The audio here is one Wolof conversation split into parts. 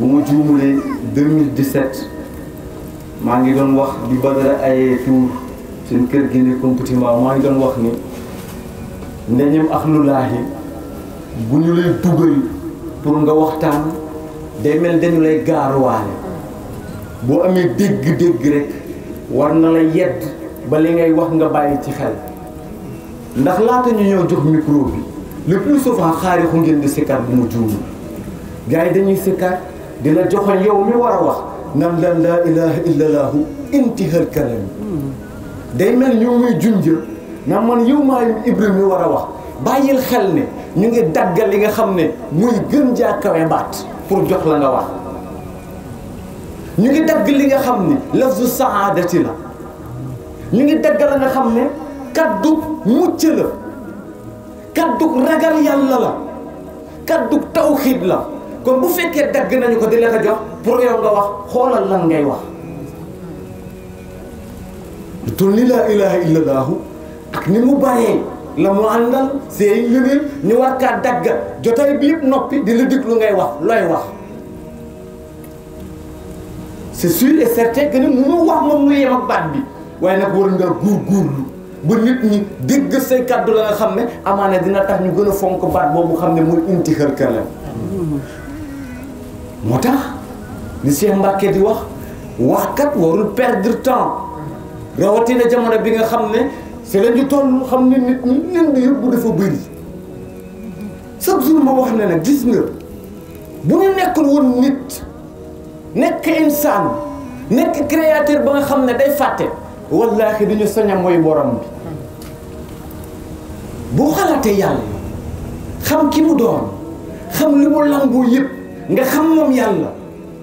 bu ma juumulee 2017 maa ngi doon wax di Badara ay tour seen kër gi nekkoon Petit Mbao maa ngi doon wax ni ndañeem ak lu bu ñu lay dugal pour nga waxtaan day mel dañu lay gaaruwaale boo amee dégg-dégg rek war na la yedd ba li ngay wax nga bàyyi ci xel ndax laata ñu ñëw jox micro bi lu plus souvent xaarixu ngeen di sikar bu mu juumul gars dañuy sikar dina la joxal yow mi war a wax nan lan laa ilaha illallahu intihal kalami day mel ñu muy junjë na man yow maayu Ibrahima war a wax bàyyil xel ne ñu ngi daggal li nga xam ne muy gën jaa kawe mbaat pour jox la nga wax ñu ngi dagg li nga xam ne lafzu saadati la ñu ngi dagg la nga xam ne kaddu mucc la kaddu ragal yàlla la kaddu tawxiid la kon bu fekkee dagg nañu ko di la ko jox pour yow nga wax xoolal lan ngay wax lu toll ni la ilaha illallah ak ni mu bëree la mu àndal seen ngëneel ñu war kaa dagg jotaay bi yëpp noppi di la déglu ngay wax looy wax c'est sûr et certain que ni mënu wax moom mu yem ak baat bi waaye nag war nga góorgóorlu ba nit ñi dégg say kàddu la nga xam ne dina tax ñu gën a fonk baat boobu xam ne mooy inti la moo ni li Cheikh Mbacke di wax wax kat warul perdre temps na jamono bi nga xam c'est la ñu toll nit ñi leen di yóbbu dafa bëri chaque jour ma wax ne nak gis nga bu ñu nekkul won nit nekk insaan nekk créateur ba nga xam day faté wallahi du ñu moy borom bi boo xalaatee yàlla xam ki mu doon xam li mu lamboo yëpp. nga xam moom yàlla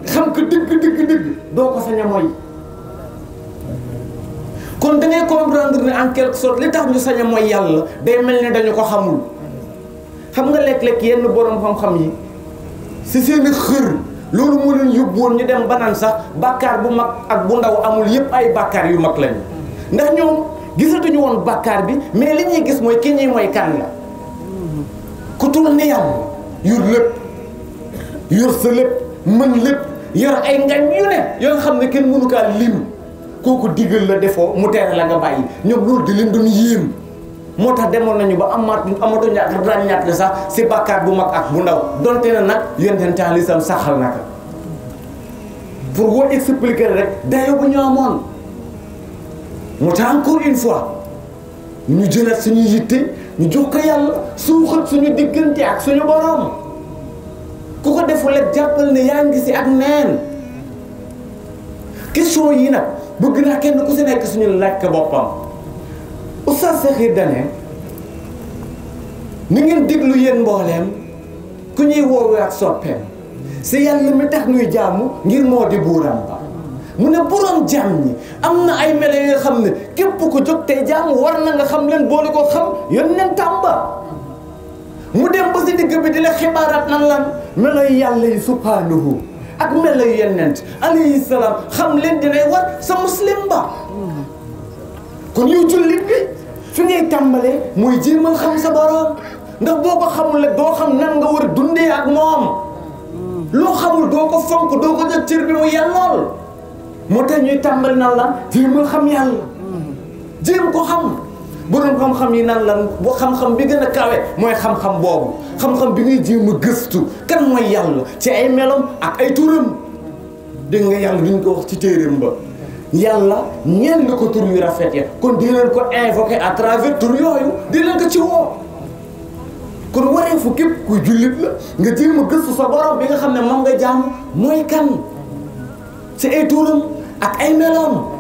nga xam ko dëgg dëgg dëgg doo ko sañ a kon da ngay comprendre ne en quelque sorte li tax ñu sañ a mooy yàlla de mel ne dañu ko xamul xam nga léeg-léeg yenn borom xam-xam yi si seen i loolu moo leen yóbbuwoon ñu dem banaan sax bàkkaar bu mag ak bu ndaw amul yépp ay bàkkaar yu mag lañu ndax ñoom gisatuñu woon bàkkaar bi mais li ñuy gis mooy ki ñuy mooy kan la ku tul ne yàlla yu lépp yor sa lépp mën lépp yor ay ngañ yu ne yoo xam ne kenn mënu kaa lim kooku digal la defoo mu tere la nga bàyyi ñoom loolu di leen doon yéem moo tax demoon nañu ba amaat amatu ñaat daan ñaat la sax si bàkkaar bu mag ak bu ndaw donte na nag yonent taalisam saxal naka pour woo expliquer rek dayo bu ñu amoon moo tax encore une fois ñu jëlaat suñu yitte ñu jox ko yàlla suuxat suñu diggante ak suñu borom ku ko deful rek jàppal ne yaa ngi si ak neen question yi nag bëgg naa kenn ku si nekk suñu laaj boppam oustaz Sakhir Dane ni ngeen déglu yéen mbooleem ku ñuy woowee ak soppeem si yàlla mi tax ñuy jaamu ngir moo di buuram ba mu ne borom jaam ñi am na ay melo yoo xam ne képp ko jot tey jaamu war na nga xam leen boole ko xam yónneen tàmba mu dem ba si digg bi di la xibaaraat nan lan meloy yàlla yi subhaanahu ak meloy yonent alayhi salaam xam leen dinay war sa muslim ba kon yow jullit bi fi ngay tàmbalee mooy jéemal xam sa borom ndax boo ko xamul doo xam nan nga war a dundee ak moom loo xamul doo ko fonk doo ko jot cër bi mu yàllool moo tax ñuy tàmbali nan lan jéemal xam yàlla jéem ko xam borom xam-xam yi nan lan boo xam-xam bi gën a kawe mooy xam-xam boobu xam-xam bi ngay jéem a gëstu kan mooy yàlla ci ay melam ak ay turam dégg nga yàlla duñ ko wax ci téeréem ba yàlla ñeen na ko tur yu rafet ya kon di leen ko invoqué à travers tur yooyu di leen ko ci woo kon waree fu képp kuy jullit la nga jéem a gëstu sa borom bi nga xam ne moom nga jàng mooy kan ci ay turam ak ay melam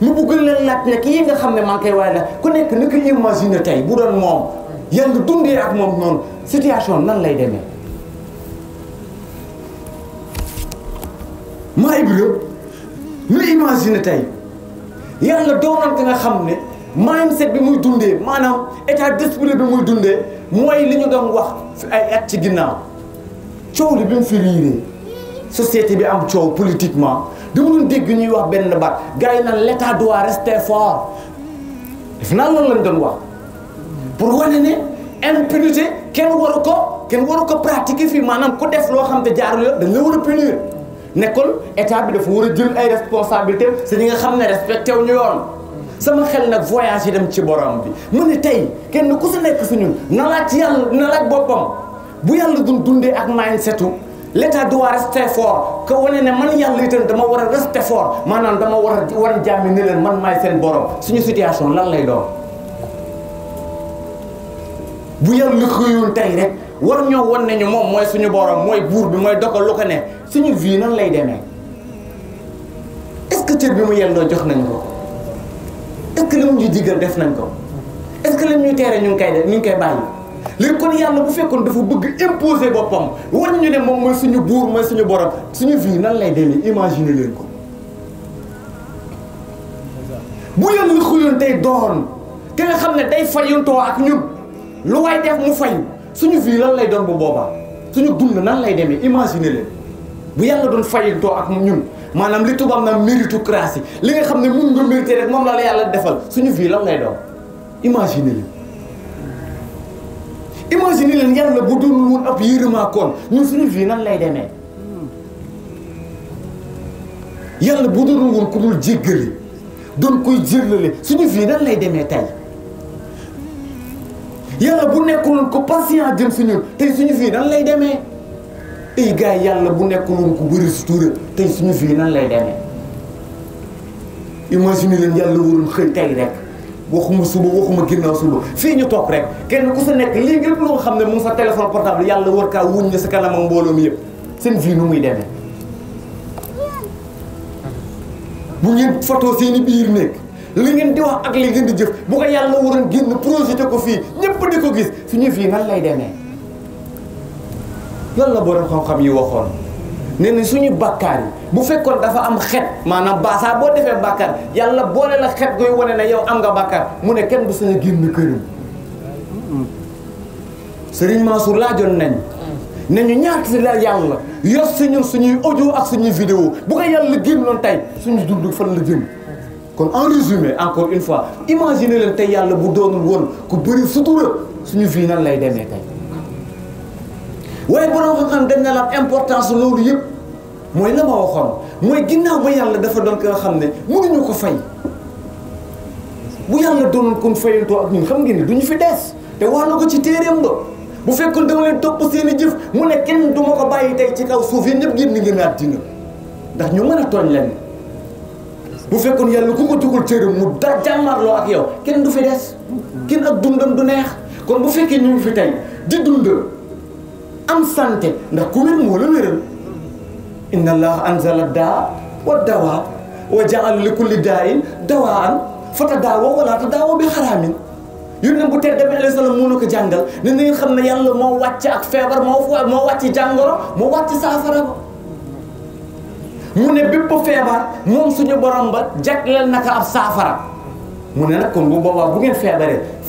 mu bëgg leen laaj ne kii nga xam ne man kay waaye la ku nekk ni ko imaginer tey bu doon moom yaa dundee ak moom noonu situation nan lay deme maa Ibra nu imaginer tey yàlla doonante nga xam ne mindset bi muy dundee maanaam état d'esprit bi muy dundee mooy li ñu doon wax ay at ci ginnaaw coow li bi mu fi riiree bi am coow politiquement. dama doon dégg ñuy wax benn baat gars yi naan l'état doit rester fort def lañ doon wax pour wane ne impunité kenn waru ko kenn waru ko pratiquer fii maanaam ku def loo xam te jaar yoon dañ la war a punir nekkul état bi dafa war a jël ay responsabilité si ñi nga xam ne respecté wu ñu yoon sama xel nag voyage yi dem ci borom bi mu ne tey kenn ku si nekk si ñun na laaj yàlla na laaj boppam bu yàlla dun dundee ak ma setu l'état doit rester fort que wane ne man yàlla itam dama war a rester fort maanaam dama war a war jàmmi ne leen man maay seen borom suñu situation lan lay doon bu yàlla xëyoon tey rek war ñoo wan nañu moom mooy suñu borom mooy buur bi mooy dogal lu ko ne suñu vie nan lay demee est-ce que cër bi mu yelloo jox nañ ko est-ce que mu ñu digal def nañ ko est-ce que ñu teere ñu ngi kay def ñu ngi koy bàyyi. Si kon yalla bu fekkon dafa bëgg imposer bopam war ñu ne mooy suñu ont mooy suñu borom suñu vie nan lay imaginer leen ko bu xuyon tay doon ki nga ne day ak ñun lu way def mu fay suñu vie lan lay doon bu boba suñu dund nan lay imaginer leen bu yalla doon ak ñun manam li tubam na méritocratie li nga le imagine leen yàlla bu dul woon ab yërëmaa koon ñun suñu vie nan lay demee yàlla bu dul woon ku dul jéggali doon koy jëllale suñu vie nan lay demee tey yàlla bu nekkuloon ko patient jëm si ñun suñu vie nan lay demee ay gars yàlla bu nekkuloon ko bëri sutura tey suñu vie nan lay demee imagine leen yàlla waroon xëy tey rek waxuma suba waxuma ginnaaw suba fii ñu toog rek kenn ku sa nekk léegi lépp lu nga xam ne mu ngi sa téléphone portable yàlla war kaa wuñ na sa kanamam mbooloo mi seen vie nu muy demee. bu ngeen photo seen biir nekk li ngeen di wax ak li ngeen di jëf bu ko yàlla waroon génn projeté ko fii ñëpp di ko gis suñu fii nan lay demee lan la borom xam-xam yi waxoon. nee na suñu bàkkaar yi bu fekkoon dafa am xet maanaam baasaa boo defee bàkkaar yàlla boole la xet goy wane ne yow am nga bàkkaar mu ne kenn du sañ a génn këram Sëriñ Mansour laajoon nañ ne ñu ñaata la yàlla yor suñu suñuy audio ak suñu vidéo bu ko yàlla génnoon tey suñu dund fan la jëm kon en résumé encore une fois imaginez leen tey yàlla bu doonul woon ku bëri sutura suñu vie nan lay demee tey waaye borom xam-xam dañ na la importance loolu yëpp mooy la ma waxoon mooy ginnaaw ba yàlla dafa doon ko nga xam ne mënuñu ko fay bu yàlla doonoon kon fayantoo ak ñun xam ngeen du duñu fi dees te wax na ko ci téeréem ba bu fekkoon dama leen topp seen jëf mu ne kenn du ma ko bàyyi tey ci kaw suuf yéen ñëpp ngeen ni ngeen àddina ndax ñu mën a tooñ leen bu fekkoon yàlla ku ko dugal téeréem mu da jàmmarloo ak yow kenn du fi des kenn ak dundam du neex kon bu fekkee ñu ngi fi tey di dund am santé ndax ku wér moo la wéral inna allah anzala daa wa dawaa wa jaal li kulli daa in dawaan fa tadaawoo wala tadaawoo bi xaraamin yónnee bu tedd bi alayhi salaam moo ko jàngal ne na xam ne yàlla moo wàcc ak feebar moo moo wàcc jàngoro moo wàcc saafara ba mu ne bépp feebar moom suñu borom ba na naka ab saafara mu ne nag kon bu boobaa bu ngeen feebaree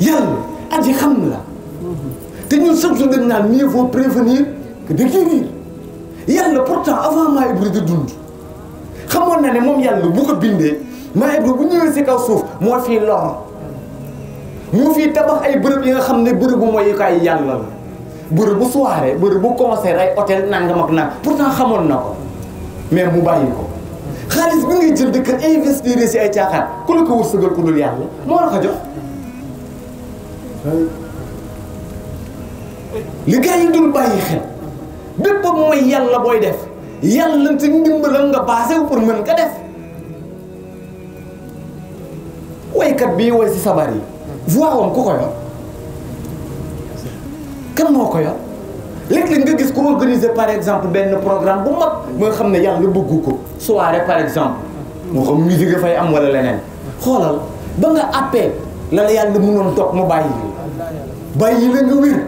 yàlla aj xam na la te ñun chaque jour dañ naan mieux vaut prévenir que guérir yàlla pourtant avant maa ibra di dund xamoon na ne moom yàlla bu ko bindee maa ibra bu ñëwee si kaw suuf moo fii lor mu fii tabax ay bërëb yi nga xam ne bërëbu mooyukaay yàlla la bërëbu soirée bërëbu concert ay hôtel nangam ak pour pourtant xamoon na ko mais mu bàyyi ko xaalis bi ngay jël dëkk investir si ay caaxaan ku la ko wërsëgal ku dul li gars yi dul bàyyi xel bépp ak mooy yàlla booy def yàlla sa ndimbalam nga baase wu pour mën nga def waykat bii woy si sabar yi voix ku ko yor kan moo ko yor léeg-léeg nga gis ku organiser par exemple benn programme bu mag moo xam ne yàlla bëggu ko soirée par exemple moo xam musique dafay am wala leneen xoolal ba nga appee la la yàlla mënoon toog mu bàyyi bàyyi la nga wér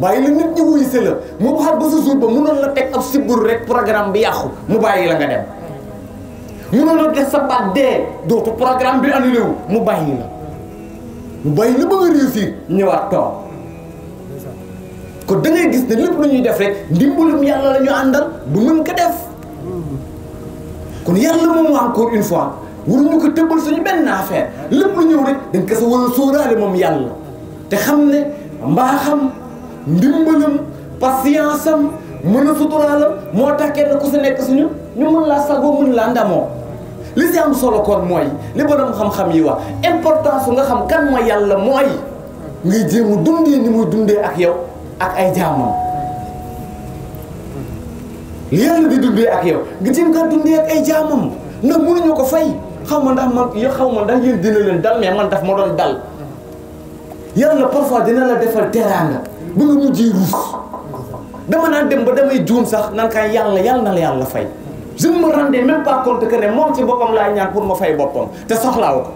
bàyyi la nit ñi wuy si la mu waxaat ba sa jour ba mënoon la teg ab sibbur rek programme bi yàqu mu bàyyi la nga dem mënoon la def sa baat dee dootu programme bi annulé wu mu bàyyi la mu bàyyi la ba nga réussir ñëwaat toog kon da gis ne lépp lu ñuy def rek ndimbalum yàlla la ñu àndal bu mën ko def kon yàlla moom encore une fois waruñu ko tëbbal suñu benn affaire lépp lu ñëw rek dañ ko sa war a sóoraale moom yàlla te xam ne mbaaxam ndimbalam patience am mën a suturaalam moo tax kenn ku si nekk suñu ñu mën laa sagoo mën laa ndamoo li si am solo kon mooy li borom xam-xam yi wax importance su nga xam kan mooy yàlla mooy ngay jéem a dundee ni muy dundee ak yow ak ay jaamam li yàlla di dundee ak yow nga jéem kaa dundee ak ay jaamam ndax mënuñu ko fay xaw ma ndax man xaw ma ndax yéen dina leen dal mais man daf ma doon dal yàlla parfois dina la defal teraanga ba nga mujjee ruus dama naan dem ba damay juum sax nan kaay yàlla yàlla na la yàlla fay je mu me rendais même pas compte que ne moom ci boppam laa ñaan pour ma fay boppam te soxlaaw ko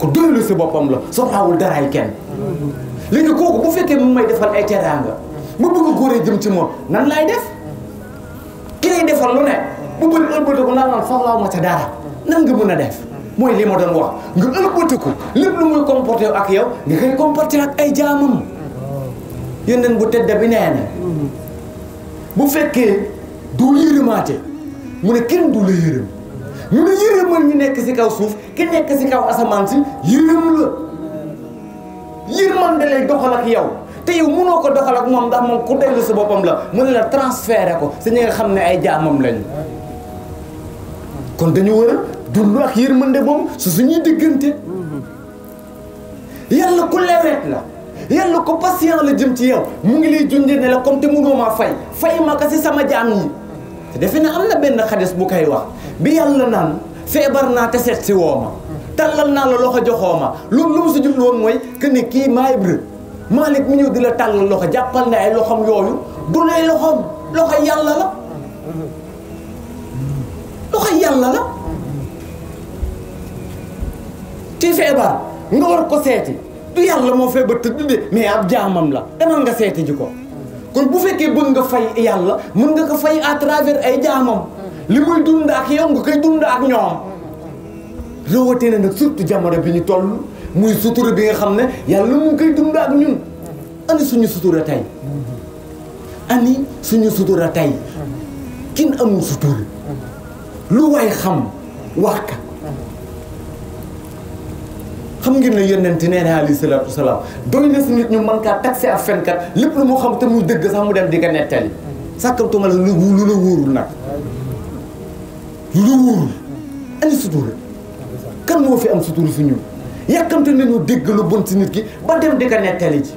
ku doylu si boppam la soxlaawul daraay kenn léegi kooku bu fekkee mu may defal ay teraanga ma bëgg a góoree jëm ci moom nan laay def ki lay defal lu ne bu bëri ëlbate ko naan soxlaaw ma daa dara nan nga mën a def mooy li ma doon wax nga ko lépp lu muy comporté ak yow nga koy comporté ak ay jaamam yeneen bu tedda bi nee bu fekkee du yërëmaate mu ne kenn du la yërëm mu ne yërëmal ñu nekk si kaw suuf ki nekk si kaw asamaan si yërëm la yërëmal da lay doxal ak yow te yow mënoo ko doxal ak moom ndax moom ku dellu sa boppam la mu ne la transféré ko si ñi nga xam ne ay jaamam lañu kon dañu war dund ak yërmande moom su suñuy diggante yàlla ku lewet la yàlla ko patient la jëm ci yaw mu ngi lay junjee ne la comme te mënoo maa fay fay ma ko si sama jaam yi te defe na am na benn xalis bu koy wax bi yàlla naan feebar naa te seet si wooma tàllal naa la loxo joxoo ma loolu lu mu si mu ñëw di la tàllal loxo jàppal na ay loxom yooyu du lay loxom loxo yàlla la loxo yàlla la ci feebar nga war ko seeti du yàlla moo feebar tëdd de mais ab jaamam la demal nga seeti ji ko kon bu fekkee bëgg nga fay yàlla mën nga ko fay à travers ay jaamam li muy dund ak yow nga koy dund ak ñoom rawatina nag surtout jamono bi ñu toll muy sutura bi nga xam ne yàlla mu ngi koy dund ak ñun ani suñu sutura ani suñu sutura tey kin amul sutura lu xam wax ka xam ngeen ne yonent nee na alayhi salaatu salaam doy na si nit ñu mën kaa ak fenkat lépp lu mu xam te muy dëgg sax mu dem di ko nettali sàkkamtuma la lu lu la wóorul nag lu la ani sutura kan moo fi am sutura fi ñun yàkkamte nañu dëgg lu bon si nit ki ba dem di ko nettali ji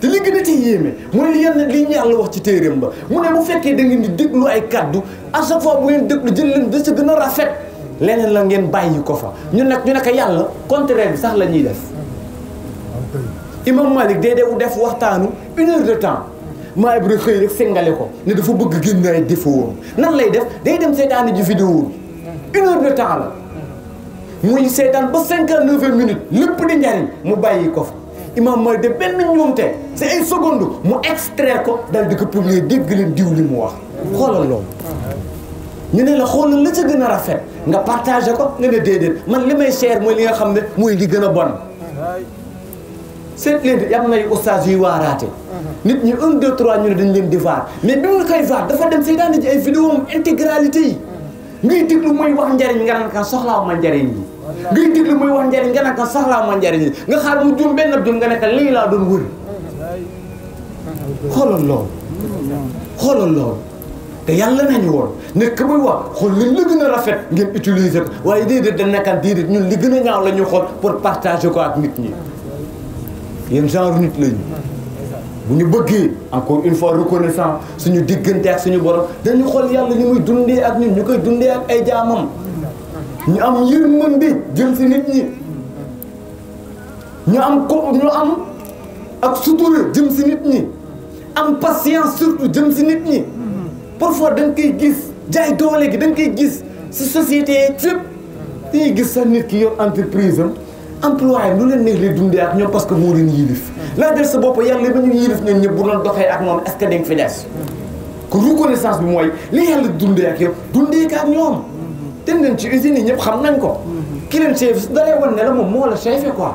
te li gën a ci yéeme mooy li yenn li Yàlla wax ci téeréem ba mu ne bu fekkee da ngeen di déglu ay kàddu à chaque fois bu ngeen déglu jël leen da sa gën a rafet leneen la ngeen bàyyi ko fa ñun nag ñu nekk yàlla contraire bi sax la ñuy def imam Malik day def waxtaanu une heure de temps maa ibra xëy rek sengale ko ne dafa bëgg génn ay nan lay def day dem ji vidéo une heure de temps la muy seetaan ba neuf minutes lépp di njariñ mu bàyyi ko fa imam Malik de benn c' c'est une seconde mu extrait ko dal di ko publier dégg leen diw li mu ñu ne la xoolal la ca gën a rafet nga partagé ko nga ne déedéet man li may cher mooy li nga xam ne mooy li gën a bon seet leen di am nay ustaas yuy waaraate nit ñi un deux trois ñu ne dañ leen di vaar mais bi mu koy vaar dafa dem seetaan ji ay vidéo am intégralité yi ngay déglu mooy wax njariñ nga naan kan soxlaaw ma njariñ yi ngay déglu mooy wax njariñ nga naan kan soxlaaw ma njariñ yi nga xaar mu jum benn jum nga ne lii laa doon wër xoolal lool te yàlla na nañu woon ne que muy wax xool li li gën rafet ngeen utiliser waaye déedéet dañ nekkaan déedéet ñun li gën a ñaaw la ñu xool pour partager ko ak nit ñi yéen genre nit lañu bu ñu bëggee encore une fois reconnaissant suñu diggante ak suñu borom dañu xool yàlla ñu muy dundee ak ñun ñu koy dundee ak ay jaamam ñu am yërmande jëm si nit ñi ñu am ko ñu am ak sutura jëm si nit ñi am patience surtout jëm si nit ñi parfois da nga koy gis jaay doole gi da nga koy gis si société yëpp dañuy gis sax nit ki yor entreprise am employé lu leen neex lay dundee ak ñoom parce que moo leen yilif laajal sa bopp yàlla ba ñu yilif ñoom ñëpp bu doon doxee ak moom est-ce que da nga fa des reconnaissance bi mooy li yàlla dundee ak yow dundee ko ak ñoom dem nañ ci usine yi ñëpp xam nañ ko ki leen chef dalay wan ne la moom moo la chefé quoi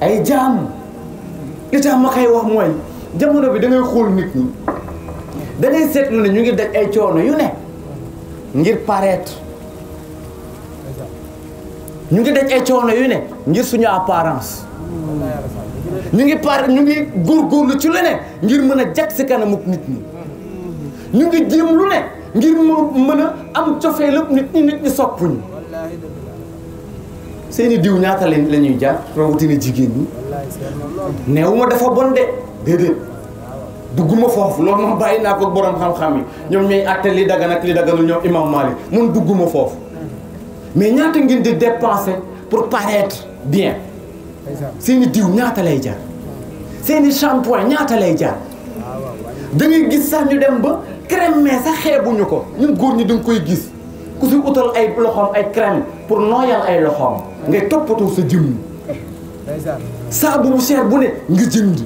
ay jaam li tax ma koy wax mooy jamono bi da ngay xool nit ñi da seetlu ne ñu ngi daj ay coono yu ne ngir paraître ñu ngi daj ay coono yu ne ngir suñu apparence ñu ngi par ñu ngi góor góorgóorlu ci lu ne ngir mën a jag si kanamu nit ñi ñu ngi jéem lu ne ngir mën a am cofee lépp nit ñi nit ñi soppuñu seeni diw ñaata lañ la ñuy jaar rawatina jigéen ñi neewuma dafa bon de déedéet dugguma foofu loolu moom bàyyi naa ko borom xam-xam yi ñoom ñooy àtte li dagan ak li ñoom imam Malik mun dugguma foofu mais ñaata ngeen di dépenser pour paraître bien seeni diw ñaata lay jaar seeni shampoing ñaata lay jaar da gis sax ñu dem ba crème mais sax xeebuñu ko ñun góor ñi dañ koy gis. ku fi utal ay loxoom ay crème pour nooyal ay loxoom ngay toppatoo sa jëmm saabu bu cher bu ne nga jënd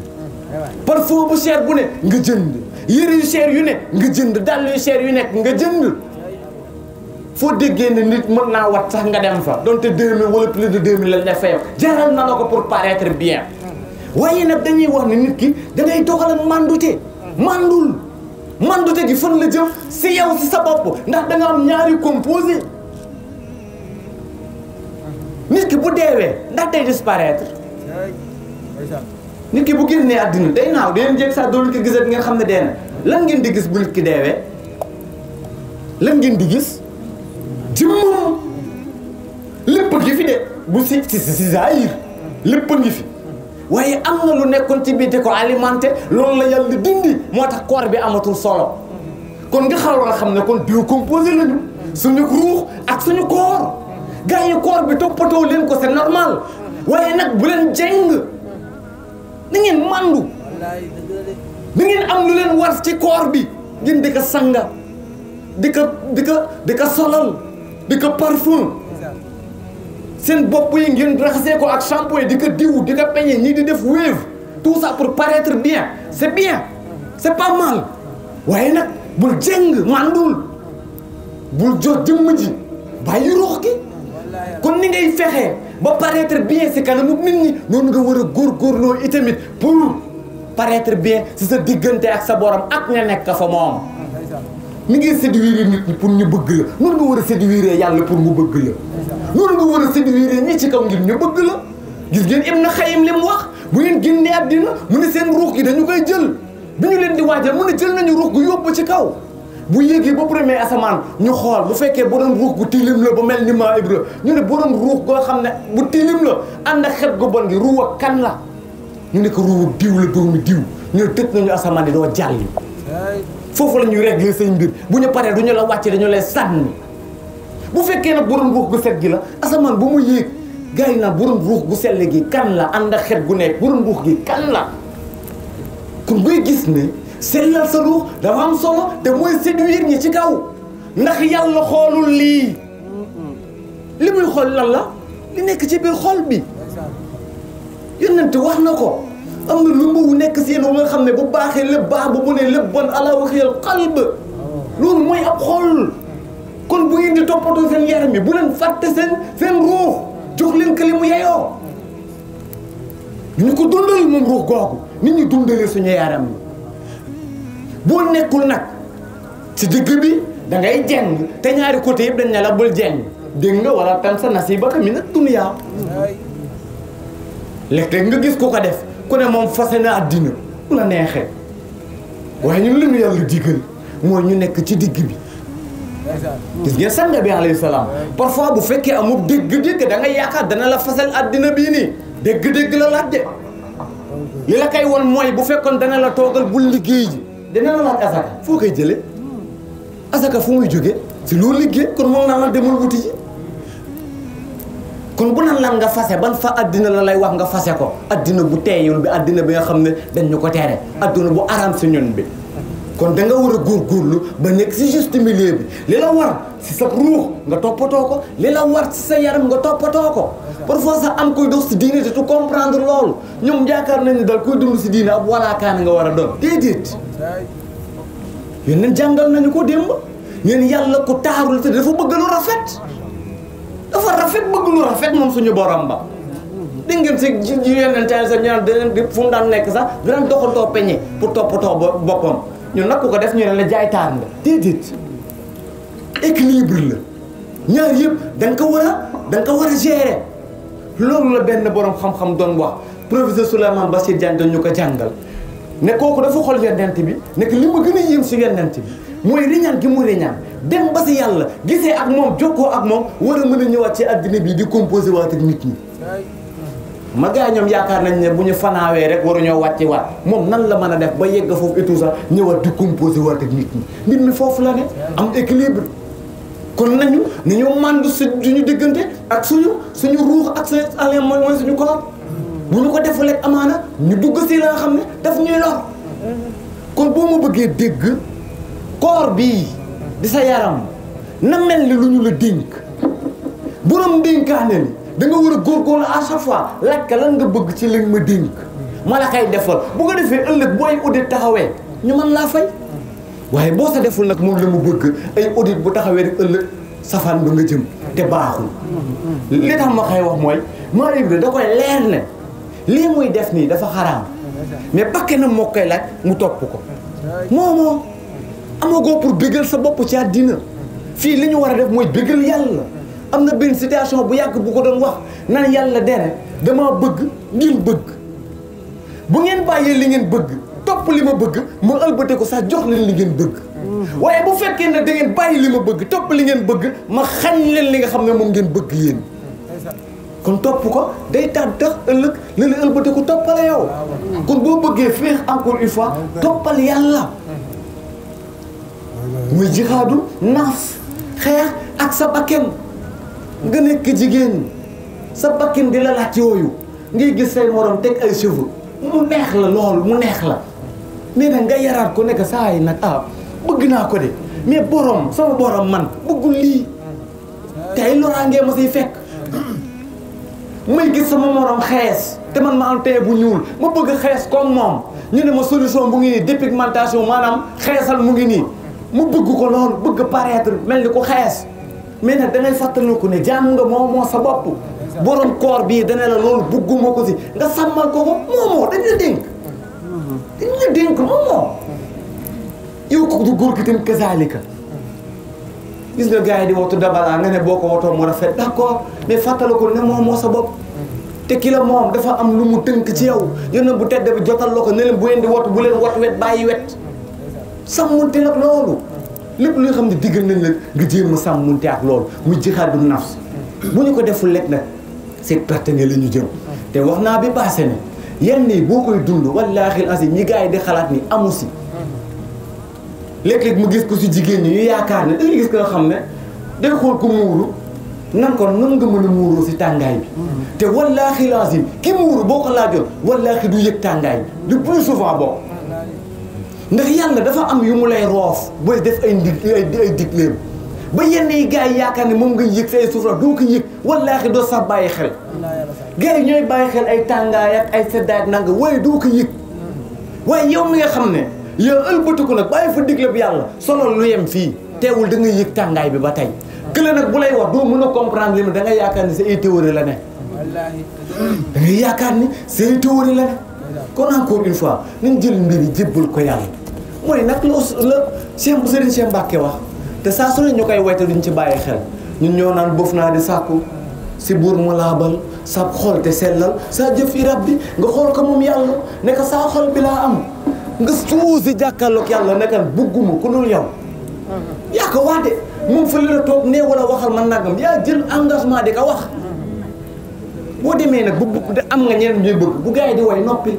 parfum bu cher bu ne nga jënd yëre yu cher yu ne nga jënd dàll yu cher yu nekk nga jënd foo déggee ne nit mën naa wat sax nga dem fa donte deux mille wala plus de deux mille lañ la fayam jaral na la ko pour paraître bien waaye nag dañuy wax ne nit ki dangay ngay doxal ak mandute mandul mandute gi fan la jëm si yow si sa bopp ndax da am ñaari composé nit bu deewee ndax day disparaître nit ki bu génnee àddina day naaw day njëkk sax doo leen ko gisat ngeen xam ne dee na lan ngeen di gis bu nit ki deewee lan ngeen di gis ci moom lépp ngi fi de bu si si si zaahir lépp ngi fi. waaye am na lu nekkoon ci biir di ko alimenté loolu la yàlla dindi moo tax koor bi amatul solo kon nga xaw xam ne kon décomposé nañu suñu ruux ak suñu koor gars yi koor bi toppatoo leen ko c'est normal waaye nag bu leen jeng na ngeen mandu na ngeen am lu leen war ci koor bi ngeen di ko sanga di ko di ko ko solal di ko parfum Si vous yi ngeen ak shampoing di ko diw di tout ça pour paraître bien c'est bien c'est pas mal waaye nak bul jeng mandul bul jot dem ji rox kon ni ngay ba paraître bien si kanamu nit ni non nga pour paraître bien c'est sa diggante ak sa borom ak nga nekk fa ni ngay séduire nit ñi pour ñu bëgg la noonu nga war a séduire yàlla pour mu bëgg la noonu nga war a séduire ñi ci kaw ngir ñu bëgg la gis ngeen Ibn Xayim li mu wax bu ngeen génnee àddina mu ne seen ruux gi dañu koy jël bi ñu leen di waajal mu ne jël nañu ruux gu yóbbu ci kaw bu yéegee ba premier asamaan ñu xool bu fekkee bu borom ruux gu tilim la ba mel ni maa Ibra ñu ne borom ruux goo xam ne bu tilim la ànd ak xet gu bon gi ruux kan la ñu ne ko ruux diw la doomi diw ñu ne tëj nañu asamaan yi doo jàll foofu la ñuy régler say mbir bu ñu paree du ñu la wàcce dañu lay sànni bu fekkee nag borom ruux gu set gi la asamaan bu mu yéeg gars yi naa borom ruux gu sell gi kan la ànd ak xet gu nekk borom ruux gi kan la kon buy gis ne sellal sa ruux dafa am solo te mooy séduire ñi ci kaw ndax yàlla xoolul lii li muy xool lan la li nekk ci biir xol bi yonent wax na ko am na lu mu nekk si yéen ba nga xam ne bu baaxee lépp baax bu mu ne lépp bon ala waxiyal xalb loolu mooy ab xol kon bu ngeen toppatoo seen yaram yi bu leen fàtte seen seen ruux jox leen que li mu yeyoo ñu ko dundal moom ruux googu nit ñi dundalee suñu yaram yi boo nekkul nag si digg bi dangay jenn te ñaari côté yëpp dañ ne la bul jeng dégg nga wala tan sa nasiibaka mina dunya léeg-léeg nga gis ku ko def. ku ne moom fase na àddina mu la neexee waaye ñun li ñu yàlla digal mooy ñu nekk ci digg bi gis ngeen sanga bi alayhi salaam parfois bu fekkee amul dégg-dégg da nga yaakaar dana la fasal àddina bii nii dégg-dégg la laaj de li la koy woon mooy bu fekkoon dana la toogal bul liggéey ji dina la laaj asaka foo koy jëlee asaka foo muy jóge si loolu liggéey kon moom naa la demul wuti ji kon bu nan lan nga fase ban fa àddina la lay wax nga fase ko àddina bu teeyul bi àddina bi nga xam ne dañ ñu ko tere adduna bu araam si ñun bi kon da nga war a góorgóorlu ba nekk si juste milieu bi li la war si sa ruux nga toppatoo ko li la war sa yaram nga toppatoo ko parfois sax am koy dox si diine te tu comprendre loolu ñoom yaakaar nañu dal koy dund si diine ab walaakaane nga war a doon déedéet yéen jàngal nañu ko démb yéen yàlla ko taarul te dafa bëgg lu rafet dafa rafet bëgg lu rafet moom suñu borom ba dégg ngeen si ji yeneen tey sax naan fu nekk sax di daan doxantoo peñe pour toppatoo boppam ñun nag ku ko def ñu ne la jaay taan la déedéet équilibre la ñaar yëpp da ko war a da ko war a gérer loolu la benn borom xam-xam doon wax professeur Souleymane Bachir Diagne doon ñu ko jàngal ne kooku dafa xool yonent bi nekk li ma gën a yéem si yonent bi mooy riñaan gi mu riñaan dem ba si yàlla gisee ak moom jokkoo ak moom war a mën a ñëwaat ci addina bi di composé waat ak nit ñi ma gaa ñoom yaakaar nañ ne bu ñu fanaawee rek waruñoo wàcce waat moom nan la mën a def ba yegg foofu et tout ça ñëwaat di composé waat ak nit ñi nit mi foofu la ne am équilibre kon nañu nañu màndu ñu diggante ak suñu suñu ruux ak sa ale mooy suñu corps bu ñu ko defulee amaana ñu dugg si la xam ne daf ñuy lor kon boo ma bëggee dégg koor bii di sa yaram na mel ni lu ñu la dénk borom dénkaane li da nga war a góor góorgóorlu à chaque fois laaj ka lan nga bëgg ci li ma dénk ma la koy defal bu ko defee ëllëg booy audit taxawee ñu mën laa fay waaye boo sa deful nag moom la mu bëgg ay audit bu taxawee rek ëllëg safaan ba nga jëm te baaxul li tax ma koy wax mooy maa da koy leer ne lii muy def nii dafa xaraam mais bakkanam moo koy laaj mu topp ko moomoo amagoo pour bégal sa bopp ci àddina fii li ñu war a def mooy bégal yàlla am na benn situation bu yàgg bu ko doon wax naan yàlla dere dama bëgg ngeen bëgg bu ngeen bàyyee li ngeen bëgg topp li ma bëgg mu ëlbate ko sax jox leen li ngeen bëgg waaye bu fekkee ne da ngeen bàyyi li ma bëgg topp li ngeen bëgg ma xañ leen li nga xam ne moom ngeen bëgg yéen kon topp ko day tax tax ëllëg la la ëlbatiku toppale yow kon boo bëggee féex encore une fois toppal yàlla muy jihaadu nafs xeex ak sa bakken nga nekk jigéen sa bakken di la laaj yooyu ngay gis say morom teg ay cheveux mu neex la loolu mu neex la nee na nga yaraat ko nekk saa yi nag ah bëgg naa ko de mais borom sama borom man bëggul lii te ay loraangee ma say fekk may gis sama morom xees te man ma am bu ñuul ma bëgg xees comme moom ñu ne ma solution bu ngi nii dépigmentation maanaam xeesal mu ngi nii mu bëgg ko loolu bëgg paraître mel ni ku xees mais nag da ngay fàttaliku ne jàmm nga moom moo sa bopp borom koor bii dana la loolu bëgguma ko si nga sàmmal ko ko moomoo dañ la dénk dañ la dénk moomoo yow ko du góor gi tam kazaalika gis nga gars yi di woto dabala nga ne boo ko wotoo mu rafet d'accord mais fàttalikul ne moom moo sa bopp te ki la moom dafa am lu mu tënk ci yow na bu tedd bi jotal la ko ne leen bu leen di wot wat wet bàyyi wet sàmmunte nag lépp lu xam ne diggal nañ la nga jéem a sàmmunte ak loolu mu jixaat du nafs bu ñu ko deful lekk nag c'est partenaire la ñu jëm te wax naa bi passé ne yenn yi boo koy dund wallaahi asi ñi gars yi di xalaat ni amu si léeg-léeg mu gis ko si jigéen ñi yaakaar ne gis ko xam ne day xool ko nan ko nan nga mën a muuroo si tàngaay bi. Mm-hmm. te wallaahi lazim ki muuru boo ko laajoon wallaahi du yëg tàngaay bi le plus souvent boo ndax yàlla dafa am yu mu lay roof booy def ay ndig ay digleem ba yenn yi gars yi yaakaar ne moom nga yëg say suuf la doo ko yëg wallaahi doo sax bàyyi xel. gars yi ñooy bàyyi xel ay tàngaay ay seddaay nanga waaye doo ko yëg mm-hmm. waaye yow mi nga xam ne. yaa ko nag bàyyi fa digle bi yàlla solo lu yem fii teewul da nga yëg tàngaay bi ba tey kële nag bu lay wax doo mën a comprendre li mu da nga yaakaar ni sa ay théorie la ne yaakaar ni sa ay théorie la kon encore une fois nañ jël mbir yi jébbal ko yàlla mooy nag la la Cheikh Serigne Cheikh Mbacke wax te saa su ne ñu koy wayte duñ ci bàyyi xel ñun ñoo naan bëf naa di sàkku si buur mu laabal sa xol te sellal sa jëf yi rab bi nga xool ko moom yàlla ne ko saa xol bi laa am nga suusi jàkkaarloog yàlla nekkan bukumu ku ya yow yaa ko wax de moom la toog nee wala waxal man nangam yaa jël engagement di ko wax boo demee nag bu am nga ñeneen ñuy bëgg bu di way noppil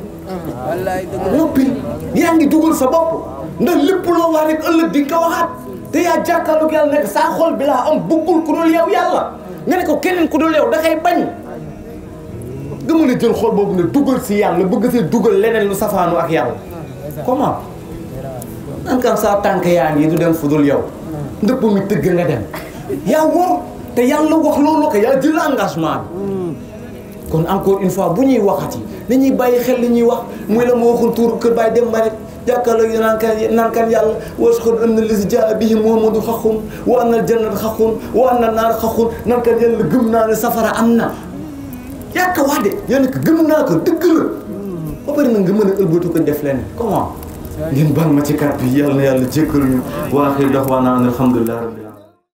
noppil yaa ngi dugal sa bopp ndax lépp loo wax rek ëllëg di nga ko waxaat te yaa jàkkaarloog yàlla nekk saa xol bi laa am buggul ku dul yow yàlla nga ne ko keneen ku dul yow da bañ jël xol ne bëgg leneen lu safaanu ak comment nan kam saa tànk yaa ngi du dem fudul yow ndëpp mi tëgg nga dem yaa wor te yàlla wax loolu ko yaa jël engagement bi kon encore une fois bu ñuy waxati li ñuy bàyyi xel li ñuy wax muy la ma waxoon tuur kër dem ma rek jàkkaarloo yi naan kan naan kan yàlla wasxol am na lisi jaa bihi muhammadu xaqun wa anna aljannat xaqun wa anna naar xaqun naan kan yàlla gëm naa ne safara am na yàkka wax de yéen ko gëm naa ko ba pare nag nga mën a ëlbatu ko def leen comment ngeen baal ma ci kàddu yi yàlla na yàlla jéggal ñu waaxee dox waa naan alhamdulilah rabbi